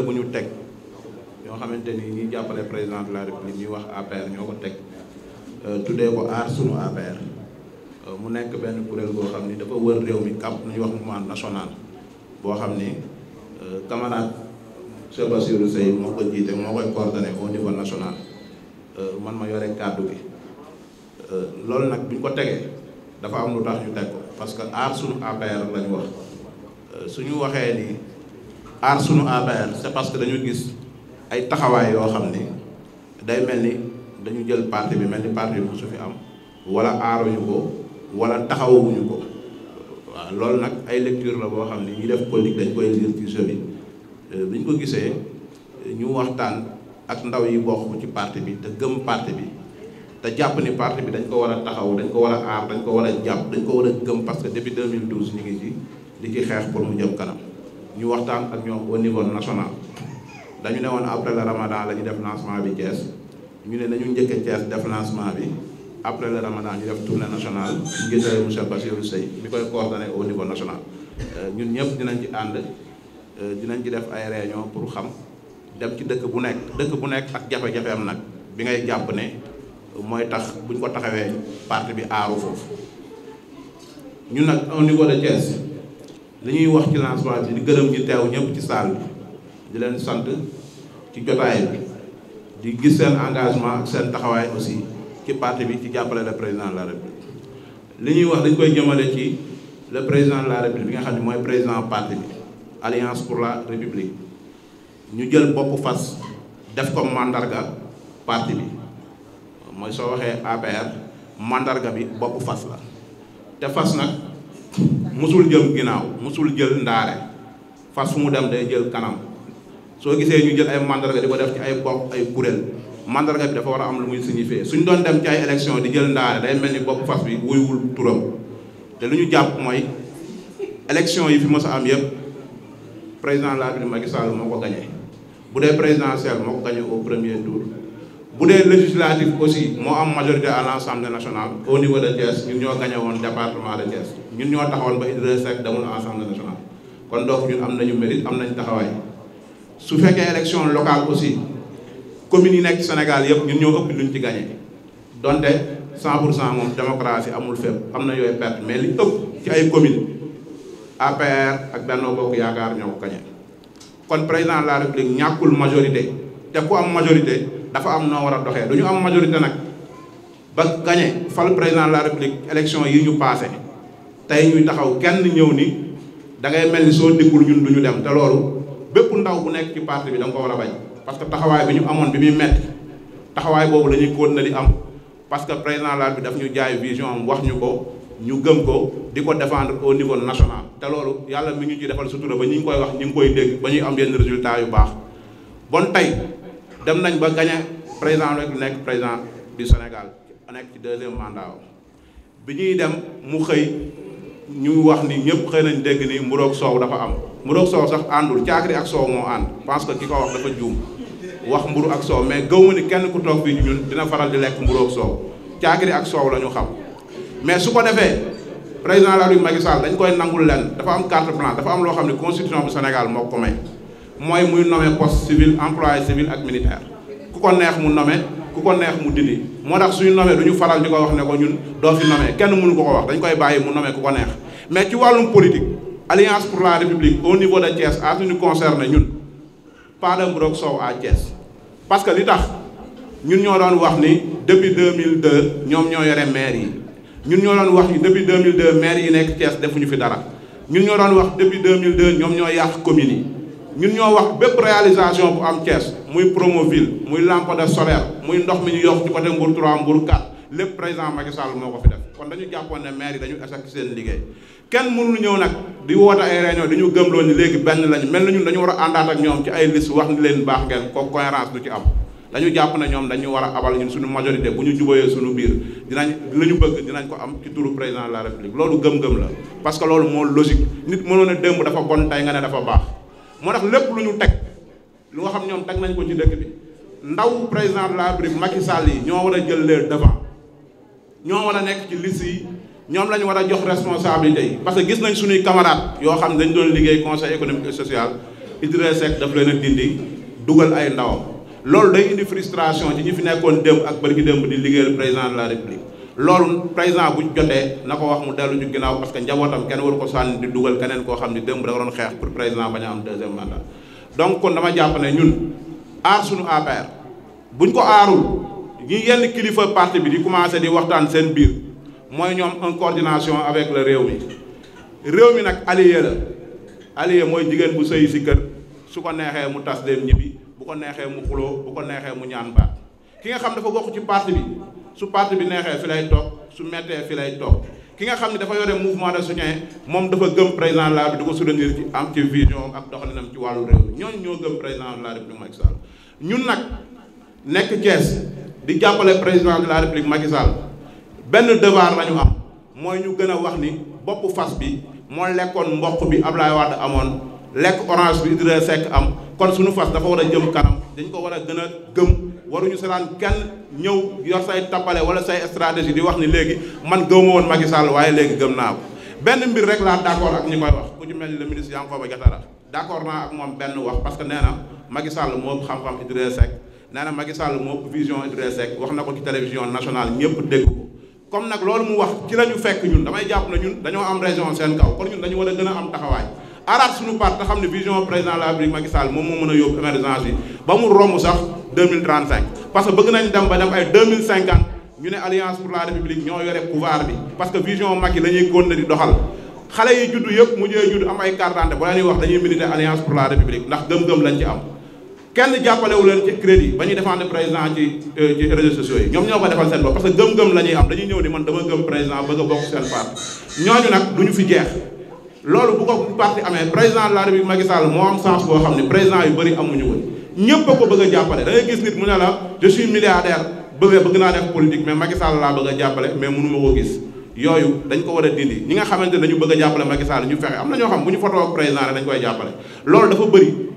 kuréel la bu ñu teg ñoo xamante ni ñuy jàppale président de la république ñuy wax APR ñoo ko teg euh, tuddee ko aar sunu affaire euh, mu nekk benn kuréel boo xam ni dafa wër réew mi camp lu ñuy wax mouvement national boo xam ni euh, camarade Cheikh Bassirou Seye moo ko jiite moo koy coordonné foo niveau national man ma yore kàddu bi loolu nag bu ko tegee dafa am lu tax ñu teg ko parce que aar sunu APR lañu wax suñu waxee ni aar suñu APR c'est parce que dañu gis ay taxawaay yoo xam ni day mel ni dañu jël parti bi mel ni parti bi su fi am wala aaruñu ko wala taxawuñu ko waaw loolu nag ay lecture la boo xam ni ñi def politique dañ koy lire ci jeu euh, bi ñu ko gisee ñu waxtaan ak ndaw yi bokk ci parti bi te gëm parti bi te jàpp ni parti bi dañ ko war a taxaw dañ ko war a aar dañ ko war a jàpp dañ ko war a gëm parce que depuis 2012 ñu ngi ci di ci xeex pour mu jëm kanam. ñu waxtaan ak ñoom au niveau national dañu ne woon après le ramadan la ñu def lancement bi Thiès ñu ne nañu njëkkee Thiès def lancement bi après le ramadan ñu def tournée nationale ñu gisee monsieur Bassirou Seye mi koy coordonné au niveau national euh, ñun ñëpp dinañ ci ànd euh, dinañ ci def ay réunion pour xam dem ci dëkk bu nekk dëkk bu nekk ak jafe-jafeem nag bi ngay jàpp ne mooy tax buñ ko taxawee parti bi aaru foofu ñun nag au niveau de li ñuy wax ci lancement bi di gërëm ñu teew ñëpp ci saal bi di leen sant ci jotaay bi di gis seen engagement seen taxawaay aussi ci parti bi ci jàppale le président la république li ñuy wax dañ koy jëmale ci le président la république bi nga xam ne mooy président parti bi alliance pour la république ñu jël bopp fas def ko màndarga parti bi mooy soo waxee APR mandarga bi bopp fas la te fas nag musul jël ginnaaw mosul jël ndaare fas fu mu dem day jël kanam soo gisee ñu jël ay mandarga di ko def ci ay bopp ay kuréel mandarga bi dafa war a am lu muy signifié suñ doon dem ci ay élection di jël ndaare day mel ni bopp fas bi wuyuwul turam te lu ñu jàpp mooy élection yi fi mos a am yëpp président la bi Macky Sall moo ko gagné bu dee présidentielle moo ko gagné au premier tour bu dee législative aussi moo am majorité à l' assemblée nationale au niveau de Thiès ñun ñoo gagné woon département de Thiès ñun ñoo taxawal ba Idrissa Seck demul assemblée nationale kon donc ñun am nañu mérite am nañu taxawaay su fekkee élection locale aussi commune yi nekk Sénégal yëpp ñun ñoo ëpp luñ ci gagné donte san pour cent moom démocratie amul fépp am na yooyu perte mais li ëpp ci ay communes APR ak Benno Bokk Yaakaar ñoo ko gagné kon président de la République ñàkkul am majorité. dafa am noo war a doxee du ñu am majorité nag ba gañe fal président de la république élection yi ñu passé tey ñuy taxaw kenn ñëw ni da ngay mel ni soo dikkul ñun du ñu dem te bépp ndaw bu nekk ci parti bi da nga ko war a bañ parce que taxawaay bi ñu amoon bi muy metti taxawaay boobu la ñuy kóon na di am parce que président la bi daf ñu jaay vision am wax ñu ko ñu gëm ko di ko défendre au niveau national te loolu yàlla mi ñu ci defal sutura ba ñi koy wax ñi ngi koy dégg ba ñuy am yenn résultat yu baax bon tey dem nañ ba gañe président rek nekk président du Sénégal nekk ci deuxième mandat bi ñuy dem mu xëy ñu wax ni ñëpp xëy nañ dégg ni mburoog soow dafa am mburoog soow sax àndul caakiri ak soow moo ànd parce que ki ko wax dafa juum wax mburu ak soow mais gëw ma ni kenn ku toog ñu ñun dina faral di lekk mburoog soow caakiri ak soow la ñu xam mais su ko defee président la Macky Sall dañ koy nangul leen dafa am carte blanche dafa am loo xam ne constitution Sénégal moo ko mooy muy nommé poste civil employé civil ak militaire ku ko neex mu nommé ku ko neex mu dindi moo tax suñu nommé du faral di ko wax ne ko ñun doo fi nommé kenn mënu ko ko wax dañ koy bàyyi mu nommé ku ko neex mais ci wàllum politique alliance pour la république au niveau de Thiès à suñu concerné ñun pas de Mbrogue Sow à Thiès parce que li tax ñun ñoo doon wax ni depuis 2002 ñoom ñoo yore maire yi ñun ñoo doon wax ni depuis 2002 maire yi nekk Thiès defuñu fi dara ñun ñoo doon wax depuis 2002 ñoom ñoo yàq communes yi ñun ñoo wax bépp réalisation bu am Thiès muy Promoville muy lampadaire solaire muy ndox mi ñu yokk ci côté Mbour 3 Mbour 4 lépp président Macky Sall moo ko fi def kon dañu jàppoon ne maire yi dañu échec seen liggéey kenn mënul ñëw nag di woote ay réunion di ñu gëmloo ni léegi benn lañu mel na ñun dañu war a àndaat ak ñoom ci ay lis wax ni leen baax ngeen ko cohérence du ci am dañu jàpp ne ñoom dañu war a abal ñun suñu majorité bu ñu jubayee suñu biir dinañ la ñu bëgg dinañ ko am ci turu président de la république loolu gëm-gëm la parce que loolu moo logique nit mënoon a dafa bon tey nga ne dafa moo tax lépp lu ñu teg lu nga xam ñoom teg nañ ko ci dëkk bi ndaw président de la République Macky Sall yi ñoo war a jël les devant ñoo war a nekk ci liste yi ñoom la ñu war a jox responsabilité yi parce que gis nañ suñuy camarades yoo xam ne dañ doon liggéey conseil économique et social Idrissa Seck daf leen a dindi dugal ay ndawam loolu day indi frustration ci ñu fi nekkoon démb ak bërki démb di liggéeyal président de la République loolu président bu jotee na ko wax mu dellu ñu ginnaaw parce que njabootam kenn waru ko sànni di dugal keneen koo xam ne démb da nga doon xeex pour président bañ a am deuxième mandat donc kon dama jàpp ne ñun aar suñu APR buñ ko aarul ñi yenn kilifa parti bi di commencé di waxtaan seen biir mooy ñoom en coordination avec le réew mi réew mi nag allié la allié mooy jigéen bu sëy si kër su ko neexee mu tas dem ñibbi bu ko neexee mu xuloo bu ko neexee mu ñaan baat ki nga xam dafa bokk ci parti bi su parti bi neexee fi lay toog su mettee fi lay toog ki nga xam ne dafa yore mouvement de soutien moom dafa gëm président de la République di ko soutenir ci am ci vision ak doxalinam ci wàllu réew mi ñooñu ñoo gëm président de la République Macky Sall ñun nag nekk Thiès di jàppale président de la République Macky Sall benn devoir la ñu am mooy ñu gën a wax ni bopp fas bi moo lekkoon mboq bi Ablaye Wade amoon lekk orange bi Idrissa Seck am kon suñu fas dafa war a jëm kanam dañ ko war a gën a gëm waruñu seetaan kenn ñëw yor say tappale wala say stratégie di wax ni léegi man gëw ma woon Macky Sall waaye léegi gëm naa ko benn mbir rek laa d' accord ak ñi koy wax ku ci mel ni le ministre Yankhoba Diattara ak moom benn wax parce que nee na Macky Sall moo ëpp xam-xam Idrissa Seck nee na Macky Sall moo ëpp vision Idrissa wax na ko ci télévision nationale ñëpp dégg ko comme nag loolu mu wax ci la ñu fekk ñun damay jàpp na ñun dañoo am raison seen kaw kon ñun dañu war a gën a am taxawaay araat suñu part te xam ne vision président de la République Macky Sall moom moo mën a yóbbu émergence bi ba mu romb sax parce que bëgg nañ dem ba dem ay 2050 ñu ne alliance pour la république ñoo yore pouvoir bi parce que vision Macky la ñuy góon di doxal xale yi juddu yëpp mu jee juddu am ay carte ba leen wax dañuy militer alliance pour la république ndax gëm-gëm lañ am kenn jàppalewu ci crédit euh, yi ñoom ñuy am dañuy loolu bu ko parti amee président de la république Macky Sall moo am chance boo xam ne président yu bëri amuñu ko ñëpp a ko bëgg a jàppale da ngay gis nit mu ne la je suis milliardaire bëgg bëgg naa def politique mais Macky Sall laa bëgg a jàppale mais mënu koo gis. yooyu dañ ko war a dindi ñi nga xamante ne dañu bëgg a jàppale Macky ñu fexe am na ñoo xam bu ñu fotoo ak président dañ koy jàppale loolu dafa bëri.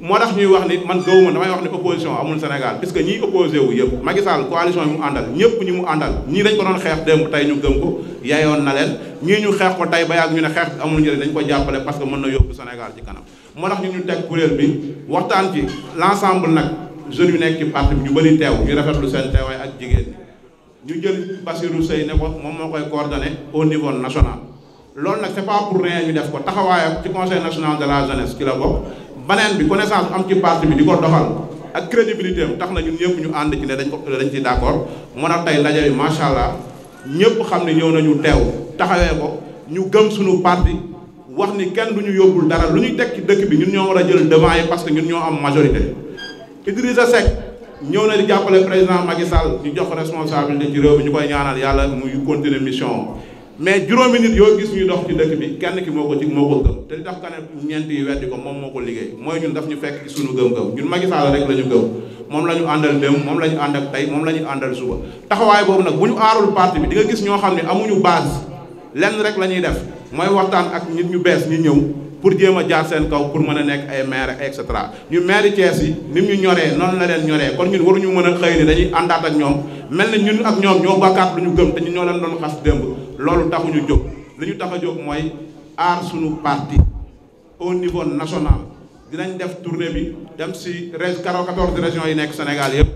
moo tax ñuy wax ni man gëwuma damay wax ni opposition amul Sénégal puisque ñiy opposé wu yëpp Macky Sall coalition yi mu àndal ñëpp ñi mu àndal ñii dañ ko doon xeex démb tey ñu gëm ko yeyoon na leen ñii ñu xeex ko tey ba yàgg ñu ne xeex bi amul njëriñ dañ ko jàppale parce que mën na yóbbu Sénégal ci kanam moo tax ñu teg kuréel bi waxtaan ci l'ensemble nag jeunes yu nekk ci parti bi ñu bëri teew ñu rafetlu seen teewaay ak jigéen ñu jël Bassirou Seye ne ko moom moo koy coordonné au niveau national loolu nag c'est ko taxawaayam ci la jeunesse beneen bi connaissance am ci parti bi di ko doxal ak crédibilité tax na ñun ñëpp ñu ànd ci ne dañ ko dañ ci d'accord moo tax tey ndaje bi macha allah ñëpp xam ne ñëw nañu teew taxawee ko ñu gëm suñu parti wax ni kenn du ñu yóbbul dara lu ñuy teg ci dëkk bi ñun ñoo war a jël devant yi parce que ñun ñoo am majorité. Idrissa Seck ñëw na di jàppale président Macky Sall ñu jox responsabilité ci réew ñu koy ñaanal yàlla muy continuer mission mais juróomi nit yoo gis ñuy dox ci dëkk bi kenn ki moo ko ci moo ko gëm te li tax ka ne ñeent yi ko moom moo ko liggéey mooy ñun daf ñu fekk ci suñu gëm-gëm ñun Macky Sall rek la ñu moom la ñu àndal démb moom la ñu ànd ak moom la ñu àndal suba taxawaay boobu nag bu ñu aarul parti bi di nga gis ñoo xam ne amuñu base lenn rek la ñuy def mooy waxtaan ak nit ñu bees ñu ñëw pour jéem a jaar seen kaw pour mën a nekk ay maire et cetera ñu maire yi ni ñu ñoree noonu la leen ñoree kon ñun waruñu mën a xëy ni dañuy àndaat ak ñoom mel na ñun ak ñoom ñoo bàkkaat lu ñu gëm te ñoo leen doon xas démb loolu taxuñu jóg li ñu tax a jóg mooy aar suñu parti au niveau national dinañ def tournée bi dem si région 14 régions yi nekk Sénégal yëpp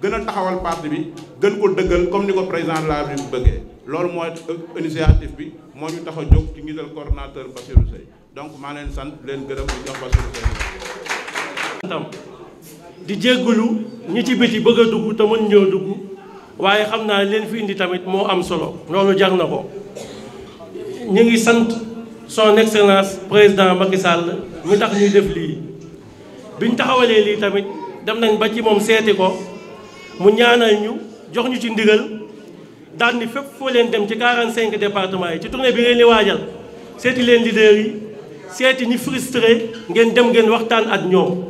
gën a taxawal parti bi gën ko dëggal comme ni ko président de la République bëggee loolu mooy initiative bi moo ñu tax a jóg ci njiital coordonnateur Bassirou Seye donc maa leen sant leen gërëm di jox Bassirou Seye. di jégalu ñi ci biti bëgg a dugg te mën ñoo dugg. waaye xam naa leen fi indi tamit moo am solo loolu jar na ko ñu ngi sant son excellence président Macky Sall ñu tax ñuy def lii biñ taxawalee lii tamit dem nañ ba ci moom seeti ko mu ñaanal ñu jox ñu ci ndigal daan ni fépp foo leen dem ci 45 départements yi ci tournée bi ngeen di waajal seeti leen leaders yi seeti ñi frustré ngeen dem ngeen waxtaan ak ñoom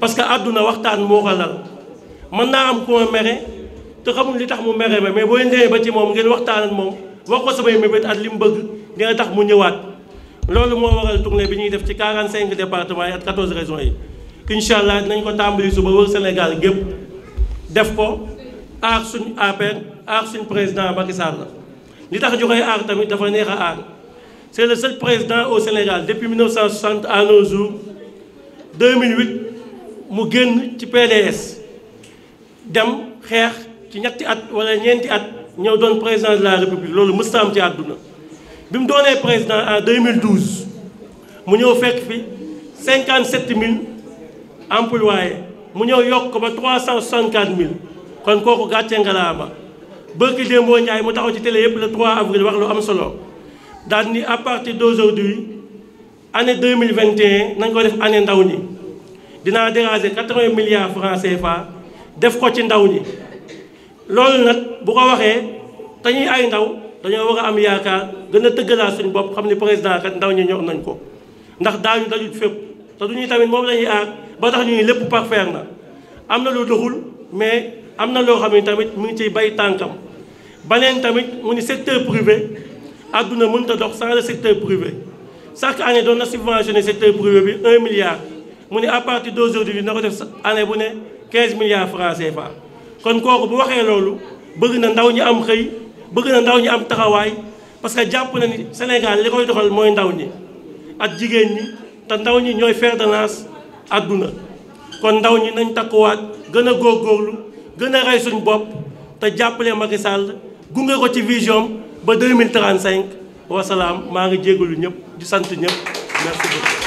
parce que àdduna waxtaan moo ko lal mën naa am ku ma mere te xamul li tax mu mere ma mais boo leen ba ci moom ngeen waxtaan ak moom wax ko samay mébét at li mu bëgg dina tax mu ñëwaat loolu moo waral tournée bi ñuy def ci 45 départements yi ak 14 régions yi incha allah dinañ ko tàmbali suba wër Sénégal gépp def ko aar suñ APR aar suñ président Macky Sall la li tax ñu koy aar tamit dafa neex a aar c'est le seul président au Sénégal depuis 1960 à nos jours 2008 mu génn ci PDS dem xeex ci ñetti at wala ñeenti at ñëw doon président de la république loolu mësta am ci àdduna bi mu doonee président en 2012 mu ñëw fekk fi 57 000 employés mu ñëw yokk ko ba 364 000 kon kooku gàcce ngalaama bërki démboo Njaay mu taxaw ci tele yëpp le 3 avril wax lu am solo daal ni à partir d'aujourd'hui année 2021 nañ ko def année ndaw ñi dinaa dégager 80 milliards francs CFA def ko ci ndaw ñi loolu nag bu ko waxee dañuy ay ndaw dañoo wax a am yaakaar gën a tëggalaat suñu bopp xam ni président kat ndaw ñi ñor nañ ko ndax ñu dajut fépp te du ñuy tamit moom lañuy aar ba tax ñu lépp parfaire na am na lu doxul mais am na loo xam ni tamit mu ngi ciy bay tànkam baneen tamit mu ni secteur privé àdduna mënut a dox sans le secteur privé chaque année doon na subventionné secteur privé bi 1 milliard mu ni à partir d'aujourd'hui na ko def année bu ne 15 milliards francs CFA kon kooku bu waxee loolu bëgg na ndaw ñi am xëy bëgg na ndaw ñi am taxawaay parce que jàpp na ni Sénégal li koy doxal mooy ndaw ñi ak jigéen ñi te ndaw ñi ñooy fer de lance àdduna kon ndaw ñi nañ takkuwaat gën a góor góorlu gën a rey suñ bopp te jàppale Macky sàll gunge ko ci vision ba 2035 wasalaam maa ngi jégalu ñëpp di sant ñëpp merci beaucoup